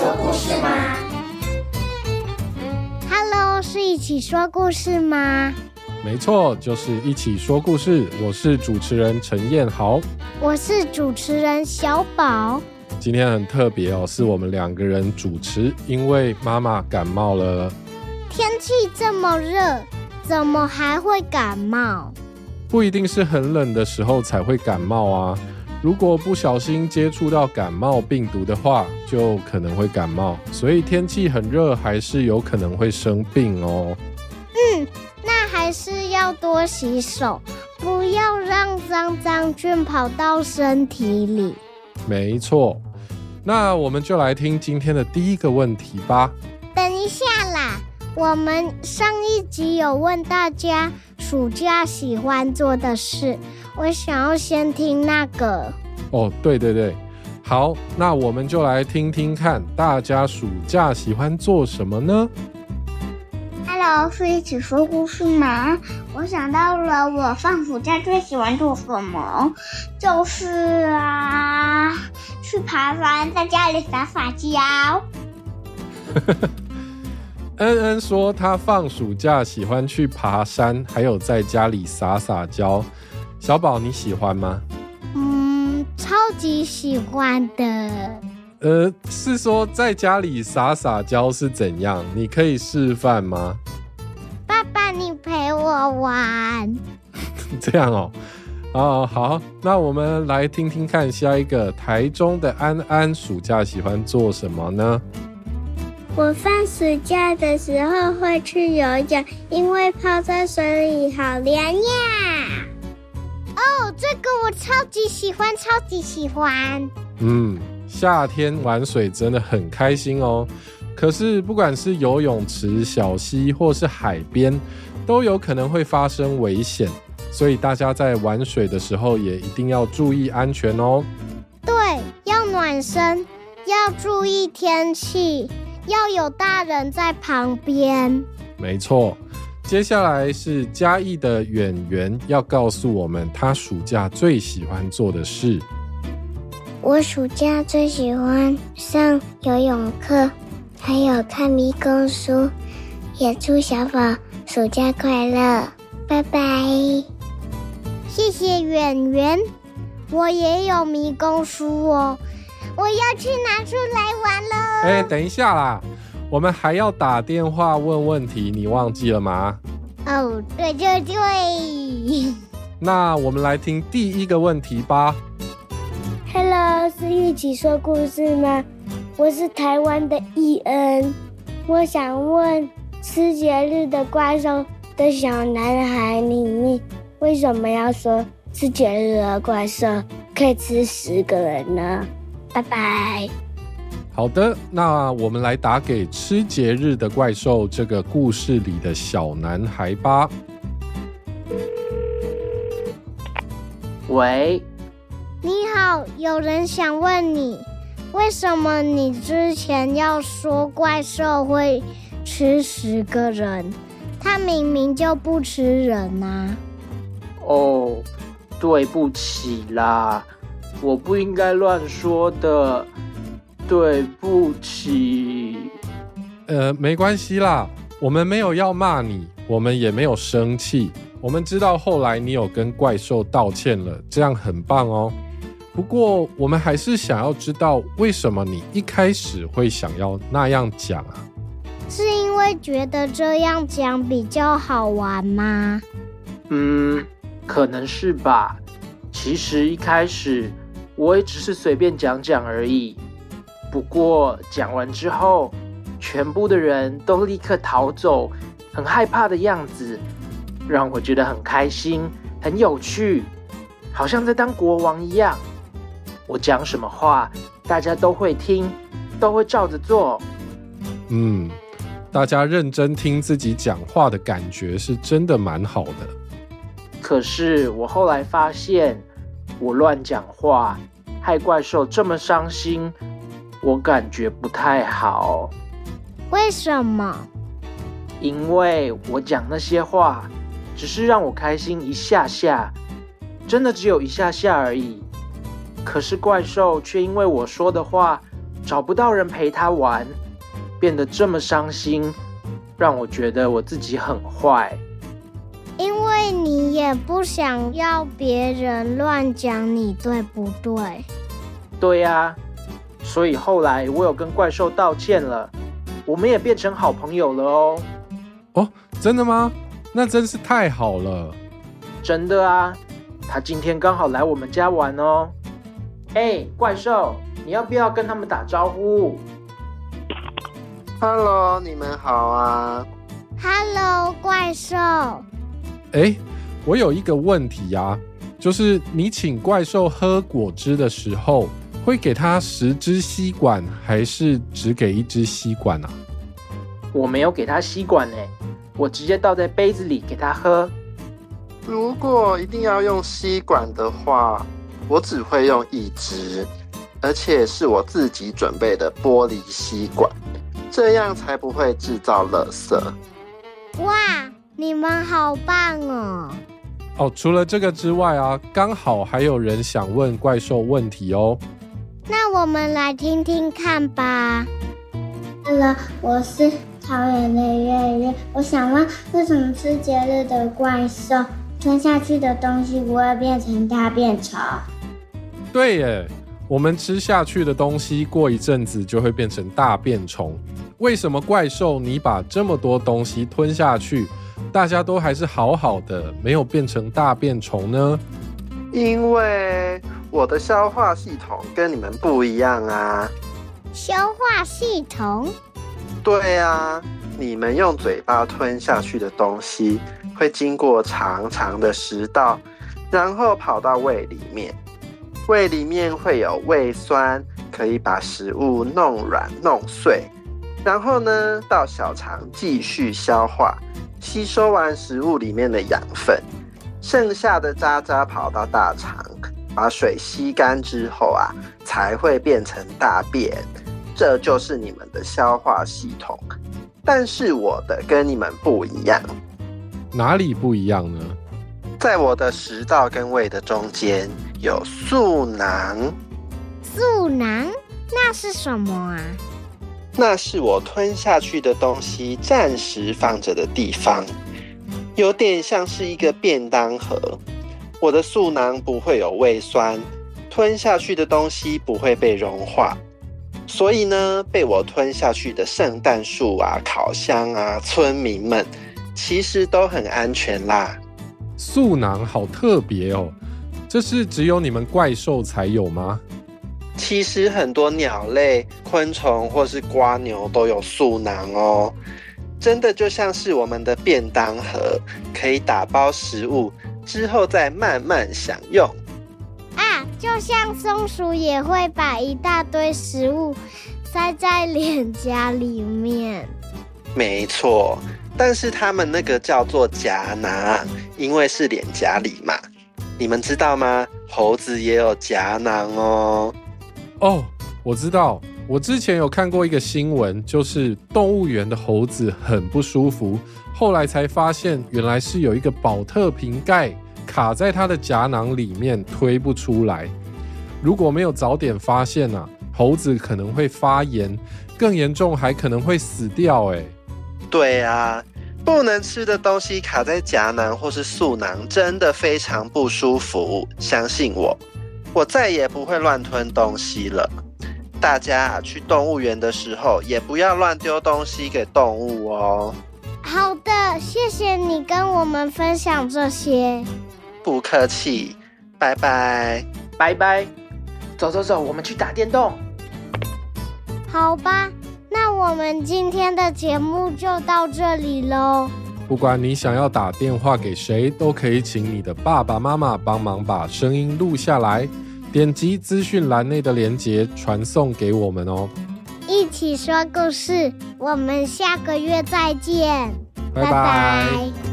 說故事嗎？Hello，是一起說故事嗎？沒錯，就是一起說故事。我是主持人陳彥豪，我是主持人小寶。今天很特別哦，是我們兩個人主持，因為媽媽感冒了。天氣這麼熱，怎麼還會感冒？不一定是很冷的時候才會感冒啊。如果不小心接觸到感冒病毒的話，就可能會感冒。所以天氣很熱，還是有可能會生病哦。嗯，那還是要多洗手，不要讓髒髒菌跑到身體裡。沒錯，那我們就來聽今天的第一個問題吧。等一下啦，我們上一集有問大家。暑假喜歡做的事，我想要先聽那個。哦，對對對，好，那我們就來聽聽看，大家暑假喜歡做什麼呢？Hello，是一起說故事嗎？我想到了，我放暑假最喜歡做什麼，就是啊，去爬山，在家裡撒撒嬌。 恩恩說，他放暑假喜歡去爬山，還有在家裡撒撒嬌。小寶，你喜歡嗎？嗯，超級喜歡的。呃，是說在家裡撒撒嬌是怎樣？你可以示範嗎？爸爸，你陪我玩。 這樣哦，哦，好，那我們來聽聽看，下一個台中的安安，暑假喜歡做什麼呢？我放暑假的時候會去游泳，因為泡在水裡好涼呀。哦，這個我超級喜歡，超級喜歡。嗯，夏天玩水真的很開心哦。可是，不管是游泳池、小溪，或是海邊，都有可能會發生危險，所以大家在玩水的時候也一定要注意安全哦。對，要暖身，要注意天氣。要有大人在旁邊。沒錯，接下來是嘉義的遠遠要告訴我們他暑假最喜歡做的事。我暑假最喜歡上游泳課，還有看迷宮書。也祝小寶暑假快樂，拜拜。謝謝遠遠，我也有迷宮書哦。我要去拿出來玩了。哎，等一下啦，我們還要打電話問問題，你忘記了嗎？哦，對就對。 那我們來聽第一個問題吧。Hello，是一起說故事嗎？我是台灣的伊恩，我想問《吃節日的怪獸》的小男孩裡面，你你為什麼要說吃節日的怪獸可以吃十個人呢？拜拜。好的，那我們來打給吃節日的怪獸這個故事裡的小男孩吧。喂，你好，有人想問你，為什麼你之前要說怪獸會吃十個人？他明明就不吃人啊！哦，對不起啦。我不應該亂說的，對不起。呃，沒關係啦，我們沒有要罵你，我們也沒有生氣。我們知道後來你有跟怪獸道歉了，這樣很棒哦。不過，我們還是想要知道為什麼你一開始會想要那樣講啊？是因為覺得這樣講比較好玩嗎？嗯，可能是吧。其實一開始。我也只是隨便講講而已。不過講完之後，全部的人都立刻逃走，很害怕的樣子，讓我覺得很開心、很有趣，好像在當國王一樣。我講什麼話，大家都會聽，都會照着做。嗯，大家認真聽自己講話的感覺是真的蠻好的。可是我後來發現，我亂講話。害怪獸這麼傷心，我感覺不太好。為什麼？因為我講那些話，只是讓我開心一下下，真的只有一下下而已。可是怪獸卻因為我說的話，找不到人陪他玩，變得這麼傷心，讓我覺得我自己很壞。所以你也不想要別人亂講你，對不對？對呀、啊，所以後來我有跟怪獸道歉了，我們也變成好朋友了哦。哦，真的嗎？那真是太好了。真的啊，他今天剛好來我們家玩哦。哎、欸，怪獸，你要不要跟他們打招呼？Hello，你們好啊。Hello，怪獸。哎、欸，我有一個問題呀、啊，就是你請怪獸喝果汁的時候，會給他十支吸管，還是只給一支吸管啊？我沒有給他吸管呢、欸，我直接倒在杯子裡給他喝。如果一定要用吸管的話，我只會用一支，而且是我自己準備的玻璃吸管，這樣才不會製造垃圾。哇！你們好棒哦！哦，除了這個之外啊，剛好還有人想問怪獸問題哦。那我們來聽聽看吧。Hello，我是桃園的月月，我想問，為什麼吃節日的怪獸吞下去的東西不會變成大便蟲？對耶，我們吃下去的東西過一陣子就會變成大便蟲。為什麼怪獸你把這麼多東西吞下去，大家都還是好好的，沒有變成大便蟲呢？因為我的消化系統跟你們不一樣啊！消化系統？對啊，你們用嘴巴吞下去的東西會經過長長的食道，然後跑到胃裡面。胃裡面會有胃酸，可以把食物弄軟、弄碎。然後呢，到小腸繼續消化、吸收完食物裡面的養分，剩下的渣渣跑到大腸，把水吸乾之後啊，才會變成大便。這就是你們的消化系統，但是我的跟你們不一樣。哪裡不一樣呢？在我的食道跟胃的中間有嗉囊。嗉囊？那是什麼啊？那是我吞下去的東西暫時放着的地方，有點像是一個便當盒。我的嗉囊不會有胃酸，吞下去的東西不會被融化，所以呢，被我吞下去的聖誕樹啊、烤箱啊、村民們，其實都很安全啦。嗉囊好特別哦，這是只有你們怪獸才有嗎？其實很多鳥類、昆蟲或是蝸牛都有嗉囊哦，真的就像是我們的便當盒，可以打包食物之後再慢慢享用。啊，就像松鼠也會把一大堆食物塞在臉頰裡面。沒錯，但是他們那個叫做頰囊，因為是臉頰裡嘛。你們知道嗎？猴子也有頰囊哦。哦，我知道，我之前有看過一個新聞，就是動物園的猴子很不舒服，後來才發現原來是有一個寶特瓶蓋卡在它的頰囊裡面，推不出來。如果沒有早點發現呢，猴子可能會發炎，更嚴重還可能會死掉。哎，對啊，不能吃的東西卡在頰囊或是嗉囊，真的非常不舒服，相信我。我再也不會亂吞東西了。大家啊，去動物園的時候，也不要亂丟東西給動物哦。好的，謝謝你跟我們分享這些。不客氣，拜拜，拜拜。走走走，我們去打電動。好吧，那我們今天的節目就到這裡嘍。不管你想要打電話給誰，都可以請你的爸爸媽媽幫忙把聲音錄下來，點擊資訊欄內的鏈接傳送給我們哦。一起說故事，我們下個月再見，拜拜。Bye bye